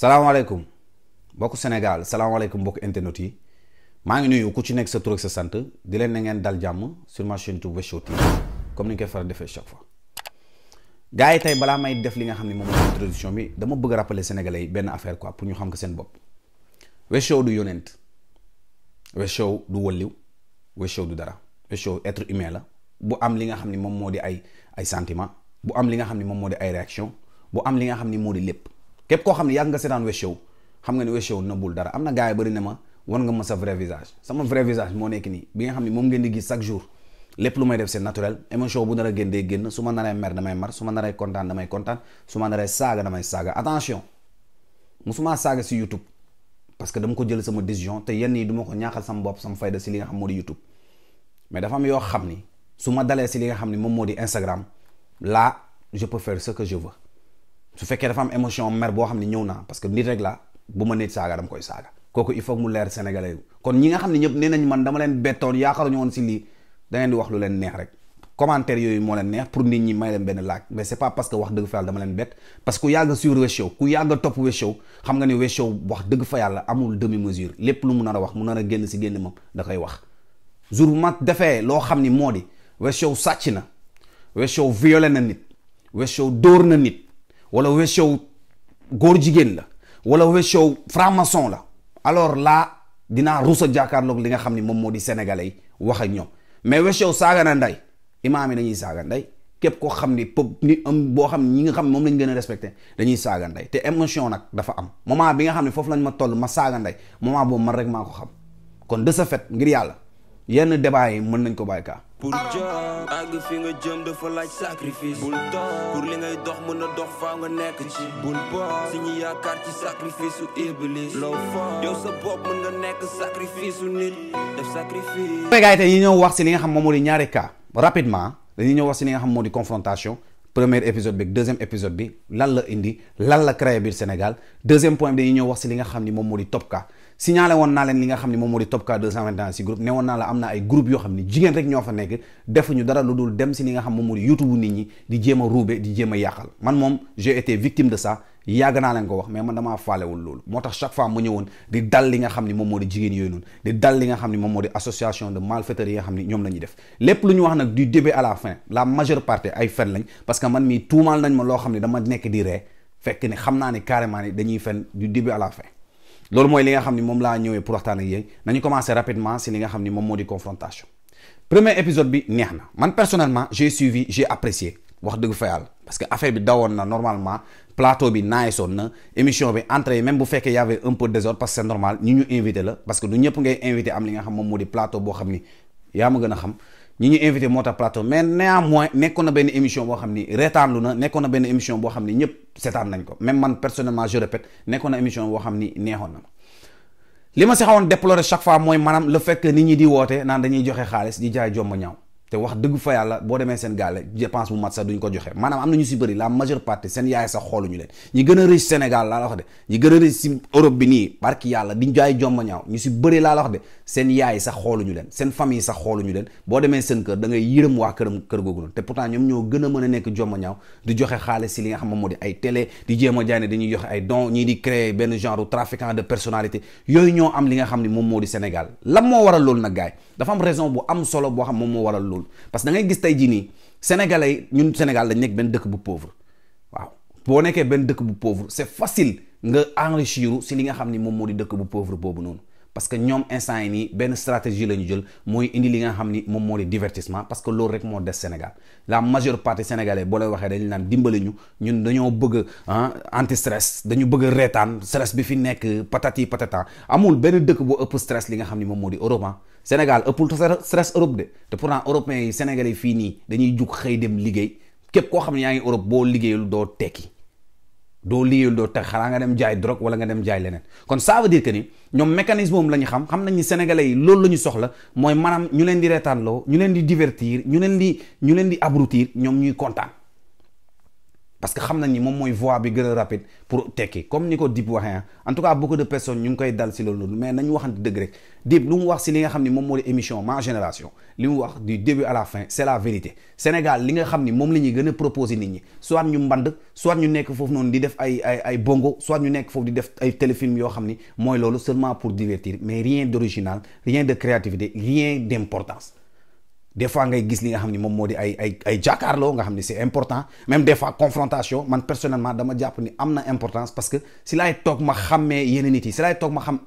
salaamaaleykum mbokku Sénégal salaamaaleykum mbokku internet yi maa ngi nuyu ku ci nekk sa tur sa sant di leen na ngeen dal jàmm sur ma chaîne YouTube Wes comme ni ñu koy faral defee chaque fois. gars yi tey balaa may def li nga xam ne moom mooy bi dama bëgg a rappeler sénégalais yi benn affaire quoi pour ñu seen bopp. Wes du yonent Wes du wëlliw Wes dara Wes Show être la bu am li nga xam ne moom moo di ay ay sentiment bu am li nga xam ne moom moo di ay réaction bu am li nga xam ni moo di lépp. képp koo xam ne yàgg nga seetaan Wes Show xam nga ne Wes Show nëbbul dara am na gars yi bëri ne ma wan nga ma sa vrai visage sama vrai visage moo nekk nii bi nga xam ne moom ngeen di gis chaque jour lépp lu may def c'est naturel émission bu nar a génn day génn su ma naree mer damay mar su ma naree kontaan damay kontaan su ma naree saaga damay saaga saaga si YouTube parce que dama ko jël sama décision te yenn yi du ko ñaaxal sama bopp sama fayda si li nga xam moo di am yoo xam ni su ma dalee si li nga xam ni moom moo di Instagram là je peux su fekkee dafa am émotion mer boo xam ne ñëw naa parce que nit rek la bu ma nit saaga dama koy saaga kooku il faut mu leer sénégalais kon ñi nga xam ne ñëpp nee nañ man dama leen bettoon yaakaaruñu woon si lii da di wax lu leen neex rek commentaire yooyu moo leen neex pour nit ñi may leen benn laaj mais c'est pas parce que wax dëgg fa yàlla dama leen bett parce que ku yàgg suivre Wes ku yàgg topp Wes xam nga ne Wes wax dëgg fa yàlla lu a wax mu nar a génn si génn moom da koy wax jour defee loo xam ni moo di Wes Show sàcc na Wes Show violé na nit Wes Show dóor na nit wala weesoow góor jigéen la wala weesoow franc-maçon la alors là dinaa rusa jàkkaarloog li nga xam ni moom moo di sénégalais wax ak ñoom mais weesoow saaga na nday imaam yi dañuy saaga nday képp koo xam ni pop am boo xam ñi nga xam moom lañ gën a respecté dañuy saaga nday te émotion nag dafa am moment bi nga xam ne foofu lañ ma toll ma saaga nday moment boobu man rek maa ko xam kon de ce ngir yàlla yenn débat yi mën nañ ko bàyyi kaa pour jëm àgg fi nga jëm dafa laaj sacrifice bul dox pour li ngay dox mën na dox faa nga nekk ci bul boog si ñu yaakaar ci sacrifice su iblis loo foog yow sa bopp mën nga nekk sacrifice su nit def sacrifice gars yi tey ñu ñëw wax si li nga xam moom moo di ñaari cas rapidement dañu ñëw wax si li nga xam moo di confrontation premier épisode bi deuxième épisode bi lan la indi lan la créé biir Sénégal deuxième point bi dañuy wax si li nga xam ni moom moo di top cas signalé woon naa leen li nga xam ne moom moo di Top Cas 221 si groupe ne woon naa la am na ay groupe yoo xam ne jigéen rek ñoo fa nekk defuñu dara lu dul dem si li nga xam moom moo di YouTube nit ñi di jéem a ruube di jéem a yàqal man moom j'ai été victime de ça naa wax mais man damaa faalewul loolu moo tax chaque fois mu ñëwoon di moo jigéen yooyu noonu di dal li nga xam ni moom moo di association de malfaiteurs yi nga xam ni ñoom la ñuy def lépp lu ñu wax nag du début à la fin la majeure partie ay fen lañ parce que man mii tuumaal nañ loo xam ne dama nekk di ree fekk ne naa ne carrément ni dañuy fen du début à loolu mooy li nga xam ni moom laa ñëwee pour waxtaan ak yéen nañu commencer rapidement si li nga xam ni moom moo di confrontation premier épisode bi neex na man personnellement j'ai suivi j'ai apprécié wax dëgg fa yàlla parce que affaire bi dawoon na normalement plateau bi naayisoon na émission bi entrée même bu fekkee y avait un peu de désordre parce que c'est normal ñi ñu invité la parce que du ñëpp ngay invité am li nga xam moom moo di plateau boo xam ni yaa ma ñi ñu invité moo tax plateau mais néanmoins nekkoon na benn émission boo xam ni reetaanlu na nekkoon na benn émission boo xam ni ñëpp seetaan nañ ko même man personnellement je répète nekkoon na émission boo xam ni neexoon na ma li ma si xawoon déplorer chaque fois mooy maanaam le fekk que nit ñi di woote naan dañuy joxe xaalis di jaay jomb ñaaw te wax dëgg fa yàlla boo demee seen gaale dépense bu mat sax duñ ko joxe maanaam am na ñu si bëri la majeure partie seen yaay sax xooluñu leen a riche Sénégal laa la wax de a riche si Europe yàlla di jaay jomb ñu si bëri laa la wax de seen yaay sax xooluñu leen seen famille sax ñu leen boo demee seen kër da ngay yërëm waa këram kër googu noonu te pourtant ñoom ñoo gën a mën a nekk jomb ñaaw di joxe xaalis si li nga xam moo di ay télé di jéem a jaay ne dañuy joxe ay don ñii di créer benn genre trafiquant de personnalité yooyu ñoo am li nga xam ne moom moo di Sénégal lan moo waral loolu nag gaay dafa am solo boo xam moom moo waral loolu pauvre parce que da gis tey jii nii sénégalais ñun Sénégal dañ nekk benn dëkk bu pauvre waaw boo nekkee benn dëkk bu pauvre c'est facile nga enrichir si li nga xam ni moom moo di dëkk bu pauvre boobu noonu parce que ñoom instant yi nii benn stratégie la ñu jël mooy indi li nga xam ni moom moo di divertissement parce que loolu rek moo des Sénégal la majeure partie sénégalais boo waxee dañu naan dimbali ñu ñun dañoo bëgg ah anti stress dañu bëgg a reetaan stress bi fi nekk patati patata amul benn dëkk boo ëpp stress li nga xam ni moom moo di Europe Sénégal ëppul stress Europe de te pourtant européens yi sénégalais fii nii dañuy jug xëy dem liggéey képp koo xam ne yaa ngi Europe boo liggéeyul doo tekki. doo liyul doo tax xanaa nga dem jaay drogue wala nga dem jaay leneen kon ça veut dire ni ñoom mécanisme moom la xam xam nañu ni loolu la ñu soxla mooy maanaam ñu leen di reetaanloo ñu leen di divertir ñu leen di ñu leen di abrutir ñoom ñuy kontaan parce que xam nañ ni moom mooy voie bi gën a rapide pour tekki comme ni ko Dip waxee en tout cas beaucoup de personnes ñu ngi koy dal si loolu mais waxante dëgg rek Dip lu mu wax si li nga xam ni moom moo di émission ma génération li mu wax du début à la fin c' la vérité Sénégal li nga xam ni moom la ñuy gën a proposé nit ñi soit ñu mband soit ñu nekk foofu noonu di def ay ay ay bongo soit ñu nekk foofu di def ay téléfilm yoo xam ni mooy loolu seulement pour divertir mais rien d' original rien de créativité rien des fois ngay gis li nga xam ni moom moo di ay ay ay jàkkaarloo nga xam ni c'est important même des confrontation man personnellement dama jàpp ni am na importance ma xàmmee yenn nit yi si laay toog man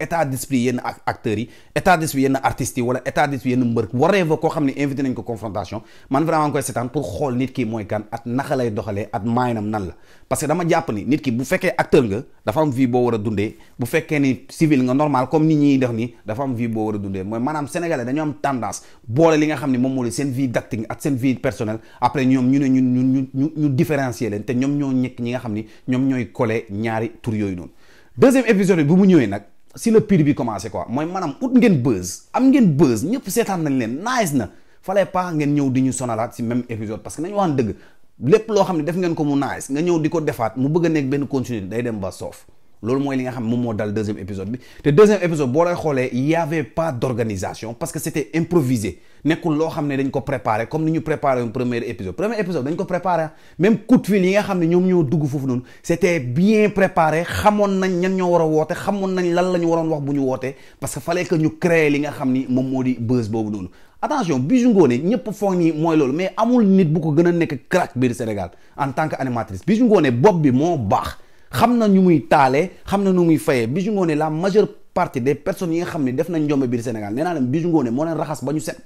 ni nit ki bu am vie boo am vie boole li nga xam ni moom moom moo leen seen vie d'acting ak seen vie personnelle après ñu ñun ñu ñu ñu différencier leen te ñoom ñoo ñekk ñi nga xam ni ñoom ñooy collé ñaari tur yooyu noonu deuxième épisode bi bu mu ñëwee nag si le pire bi commencé quoi mooy maanaam ut ngeen buzz am ngeen buzz ñëpp seetaan nañ leen nice na fallait pas ngeen ñëw di ñu sonalaat si même épisode parce que nañu waxan dëgg lépp loo xam ne def ngeen ko mu nice nga ñëw di ko defaat mu bëgg a nekk benn continuité day dem ba soof loolu mooy li nga xam moom moo dal deuxième épisode bi te deuxième épisode boo lay xoolee y avait pas d'organisation parce que c'était improvisé nekkul loo xam ne dañ ko préparé comme ni ñu préparé woon premier épisode premier épisode dañ ko préparé ah. même coup de fil yi nga xam ne ñoom ñoo dugg foofu noonu c'était bien préparé xamoon nañ ñan ñoo war a woote xamoon nañ lan la ñu waroon wax bu ñu wootee parce que fallait que ñu créer li nga xam ni moom moo di buzz boobu noonu attention Bijou Ngoné ñëpp foog ni mooy mais amul nit bu ko gën nekk crack biir Sénégal en tant que animatrice Bijou Ngoné bopp bi moo baax xam na ñu muy taale xam na nu muy fayee Bijou Ngoné la majeure partie de personnes yi nga xam ne def nañ njombe biir Sénégal nee naa leen Bijou Ngoné moo leen raxas ba ñu set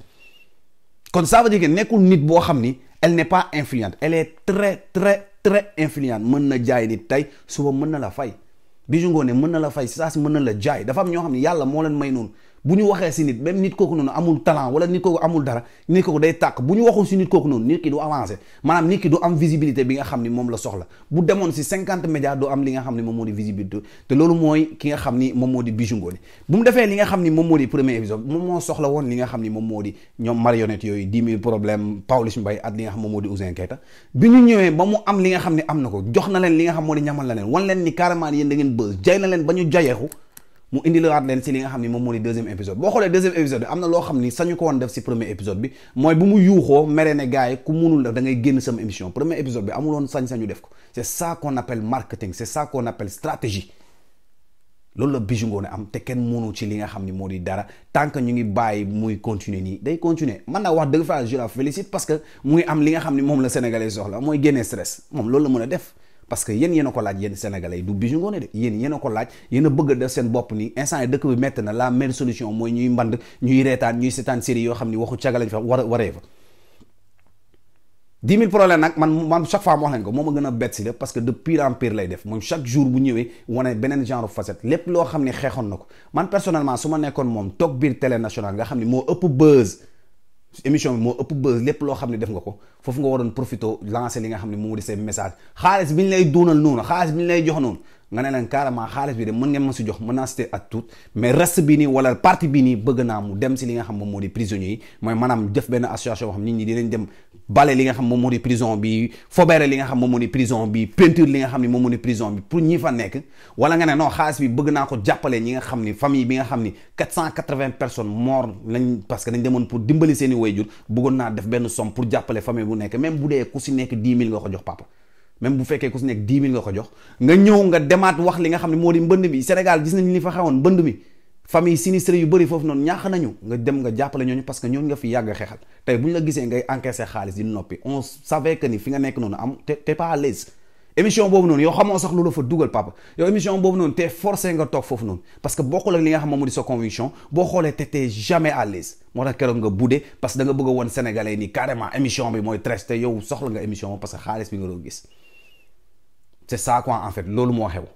kon ça veut dire que nekkul nit boo xam ni elle ne pas influente elle est très très très influente mën na jaay nit tey suba mën na la fay Bijou Ngoné mën na la fay saa si mën na la jaay dafa am ñoo xam ne yàlla moo leen may noonu bu ñu waxee si nit même nit kooku noonu amul talent wala nit kooku amul dara nit kooku day tàkk bu ñu waxul si nit kooku noonu nit ki du avancé maanaam nit ki du am visibilité bi nga xam ni moom la soxla bu demoon si cinquante médias am li nga xam ni moom moo di visibilité te ki nga xam ni moom moo di bu mu defee li nga xam ni moom moo di premier épisode moom moo soxla woon li nga xam ni moom moo di ñoom marionnette yooyu dix problème Pawlish Mbaye ak li nga xam moom moo di Ouzin Keita bi ñu ñëwee ba mu am li nga xam ni am na ko jox na leen li nga xam moo di ñamal na leen wan ni carrément yéen da ngeen bës jay na leen ba ñu mu indi lawaat leen si li nga xam ni moom moo di deuxième épisode boo xoolee deuxième épisode bi am na loo xam ni sañu ko woon def si premier épisode bi mooy bu mu yuuxoo mere ne gars yi ku munul def da ngay génn sama émission premier épisode bi amuloon sañ-sañu def ko c'est ça qu'on marketing c'est ça qu'on appelle stratégie loolu la Bijou Ngoné am te kenn mënu ci li nga xam ni moo di dara tant que ñu ngi bàyyi muy continuer nii day continuer man naa wax dëgg fa je la parce que mu ngi am li nga xam ni moom la sénégalais soxla mooy génnee stress loolu la mën a def parce que yéen yéen ko laaj yéen sénégalais yi du Bijou Ngoné de yéen yéen a ko laaj yéen a bëgg def seen bopp ni instant yi dëkk bi métti na la meilleure solution mooy ñuy mband ñuy reetaan ñuy seetaan série yoo xam ni waxu caga a a bett si lépp parce que de pire en pire lay def moom chaque jour bu ñëwee wane beneen ne xeexoon na ko man personnellement ma nekkoon moom toog biir télé national nga xam ne moo ëpp buzz émission bi moo ëpp buzz lépp loo xam ne def nga ko foofu nga waroon profito lancer li nga xam ne moo di say message xaalis bi ñu lay duunal noonu xaalis bi lay jox noon nga ne leen carrément xaalis bi de mën ngeen ma si jox mën naa cité ak tout mais reste bi nii wala parti bi nii bëgg naa mu dem si li nga xam moom moo di prisonniers yi mooy maanaam jëf benn association boo xam nit ñi dinañ dem bale li nga xam moom moo di prison bi fobere li nga xam moom moo di prison bi peinture li nga xam ni moom moo di prison bi pour ñi fa nekk wala nga ne non xaalis bi bëgg naa ko jàppale ñi nga xam ni famille bi nga xam ni 480 personnes mort lañ parce que dañ demoon pour dimbali seen i wayjur bëggoon naa même bu fekkee ku si nekk 10 000 nga ko jox nga ñëw nga demaat wax li nga xam ne moo di mbënd mi Sénégal gis nañ li fa xewoon mbënd mi famille sinistré yu bëri foofu noonu ñaax nañu nga dem nga jàppale ñooñu parce que ñooñu nga fi yàgg xeexal tey bu ñu la gisee ngay encaissé xaalis di noppi on savait que ni fi nga nekk noonu am t'es pas à l'aise émission boobu noonu yow nga budde parce que da bëgg a woon sénégalais ni émission bi mooy traité yow soxla nga émission parce que xaalis bi nga doon gis c'est ça quoi en fait loolu moo xew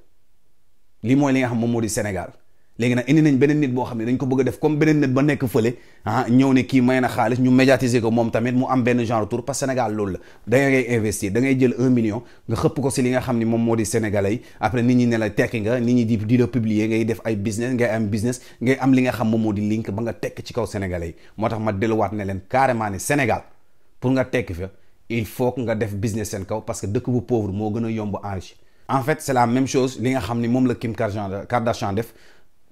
lii mooy li nga xam moom moo di Sénégal léegi nag indi nañ beneen nit boo xam ne dañ ko bëgg a def comme beneen nit ba nekk fële ah ñëw ne kii may na xaalis ñu médiatiser ko moom tamit mu am benn genre tour parce que Sénégal loolu la da ngay investir da jël un million nga xëpp ko si li nga xam ne moom moo di sénégalais yi après nit ñi ne la tekki nga nit ñi di di la publier ngay def ay business ngay am business am li nga xam moom moo di link ba nga tekk ci kaw sénégalais yi moo ma delluwaat ne leen carrément ne Sénégal pour nga tekk fa il faut nga def business seen kaw parce que dëkk bu pauvre moo gën a yomb enrichi en fait c'est la même chose li nga xam ni moom la Kim Kardashian def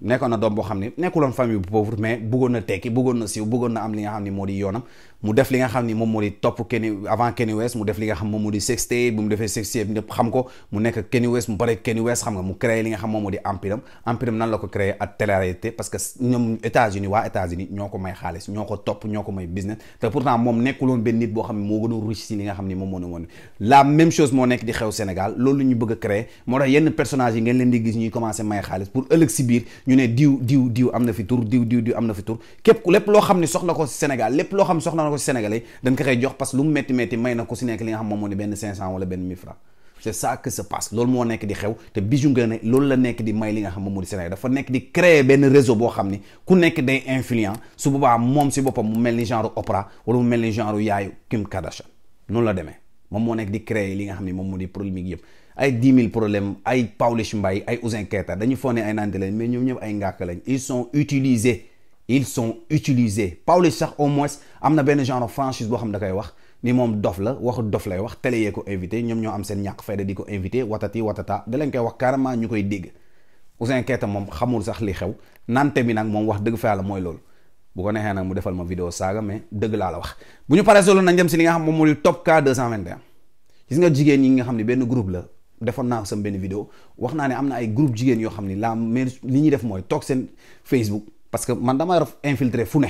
nekkoon na doom boo xam ni nekkuloon famille bu pauvre mais bëggoon na tekki bëggoon na siiw bëggoon na am li nga xam ni moo yoonam mu def li nga xam ni moom moo di topp mu di sextape bu mu defee sextape ñëpp xam ko mu nekk Kenny West mu bare Kenny West xam nga mu créé li nga xam moom moo di empiram empiram nan la ko créé ak télé parce que ñoom États-Unis waa États-Unis ñoo ko may xaalis ñoo ko topp ñoo ko may business te pourtant moom nekkuloon benn nit boo xam ni moom moo nekk di xew Sénégal loolu ñu bëgg a moo tax yenn personnages yi ngeen leen di gis ñuy commencé may xaalis pour na fi tur diw diw diw am na fi ko ci sénégalais dañ ko koy jox parce que lu mu métti métti may na ko si nekk li nga xam moom moo ne benn 500 wala benn 1000 francs c'est ça nekk di xew te Bijou Ngoné loolu la nekk di may li nga xam moom moo di Sénégal dafa nekk di créer benn réseau boo xam ni ku nekk day influent su boobaa moom si boppam mu mel ni genre Oprah wala mu mel ni genre yaayu Kim Kardashian noonu la demee moom moo nekk di créer li nga xam ni moom moo di problème yëpp ay 10 000 problèmes ay Pawlish Mbaye ay Ouzin Keita ay nante lañ ñëpp ay ngàkk ils sont utilisés Pawlish sax au moins am na benn genre franchise boo xam da koy wax ni moom dof la waxu dof lay wax télé yee ko invité ñoom ñoo am seen ñàkk fayda di ko invité watati watata da leen koy wax carrément ñu koy dégg Ouzin Keita moom xamul sax li xew nante mi nag moom wax dëgg fa la mooy loolu bu ko neexee nag mu defal ma vidéo saaga mais dëgg laa la wax bu ñu paree solo nañ dem si li nga xam moom moo di top cas 221 gis nga ñi nga xam ne benn group la defoon naa sam benn wax naa ne am na ay groupe jigéen yoo xam ni la mais li ñuy def mooy toog seen Facebook parce que man dama yor infiltré fu ne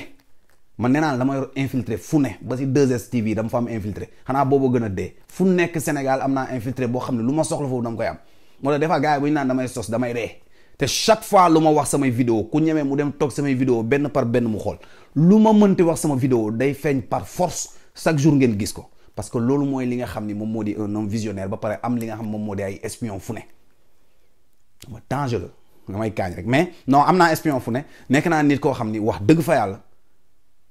man nee naa dama yor infiltré fu ne ba si 2STV dama fa am infiltré xanaa boobu gën a dee fu nekk Sénégal am naa infiltré boo xam ne lu ma soxla foofu dama koy am moo tax des fois gars yi bu sos damay ree te chaque fois lu ma wax samay vidéo ku ñemee mu dem toog samay vidéo benn par benn mu xool lu ma mënti wax sama vidéo day feeñ par force chaque jour ngeen gis ko parce que loolu mooy li nga xam ni moom moo di un homme visionnaire ba pare am li nga xam moom moo di ay espion fu ne ma dangereux damay kaañ rek mais non am naa espion fu ne nekk naa nit koo xam ni wax dëgg fa yàlla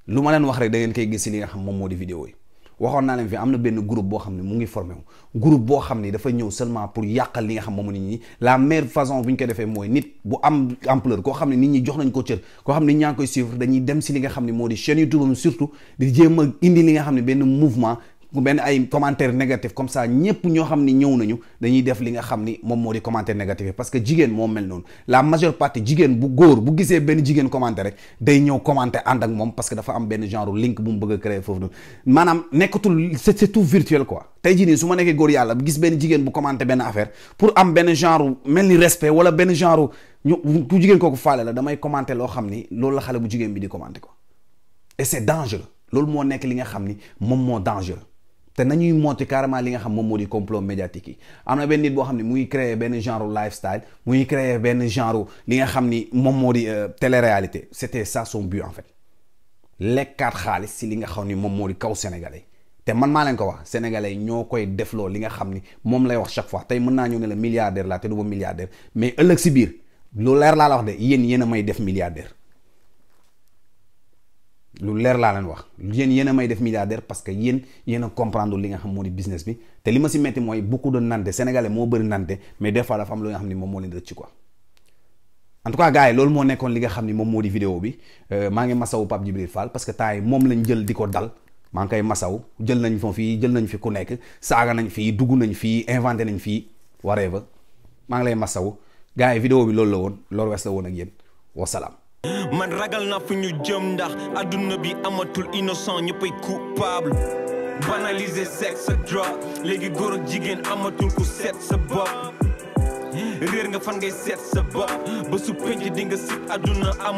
lu ma leen wax rek da ngeen koy gis si li nga xam moom moo di vidéo yi waxoon naa leen fi am na benn groupe boo xam ne mu ngi formé wu groupe boo xam ne dafa ñëw seulement pour yàqal li nga xam moom nit ñi la meilleure façon bu ñu ko defee mooy nit bu am ampleur koo xam ne nit ñi jox nañ ko cër koo xam ne ñaa ngi koy suivre dañuy dem si li nga xam ne moo di chaîne YouTube am a indi li nga xam ne benn mouvement mu benn ay commentaire négatif comme ça ñëpp ñoo xam ni ñëw nañu dañuy def li nga xam ni moom moo di commentaire négatif parce que jigéen moo mel noonu la majeure partie jigéen bu góor bu gisee benn rek day ñëw commenté ànd ak moom parce que dafa am benn genre link bu mu bëgg a créer foofu noonu maanaam nekkatul c'est c'est tey jii nii su ma nekkee góor yàlla gis benn jigéen bu commenté benn affaire pour am benn genre mel ni respect wala benn genre ñu ku kooku faale la damay loo xam ni loolu la xale bu jigéen bi di commenté quoi et c'est dangereux loolu moo nekk li nga xam ni moom moo dangereux te nañuy ti carrément li nga xam moom moo di complot médiatique yi am na benn nit boo xam ne muy créer benn genre lifestyle muy créer benn genre li nga xam ni moom moo di euh, téléréalité c'était ça son but en fait lekkaat xaalis si li nga xam ni moom moo di kaw sénégalais te man maa leen ko wax sénégalais ñoo koy defloo li nga xam ni moom lay wax chaque fois tey mën naa ñëw ne la milliardaire laa te du ba milliardaire mais ëllëg si biir lu leer laa la wax de yéen yéen a may def milliardaire lu leer laa leen wax yéen yéen may def milliardaire parce que yéen yéen a comprendre li nga xam moo di business bi te li ma si metti mooy beaucoup de nante sénégalais moo bëri nante mais des fois dafa am lu moo leen loolu li nga xam ni moom moo di vidéo bi euh, maa ngi masawu Pape Djibril Fall parce que temps yi moom lañ jël di ko dal maa ngi koy masaw jël nañ fa fii jël nañ fi ku nekk saaga nañ fii dugg nañ fii inventé nañ fii whatever maa ngi lay masaw gars yi vidéo bi loolu la woon Lor Wes la woon ak yéen wasalaam man ragal na fu ñu jëm ndax adduna bi amatul innocent ñëppay coupable banaliser sexe drug léegi góor ak jigéen amatul ku seet sa bopp réer nga fan ngay seet sa bopp ba su penc sit adduna am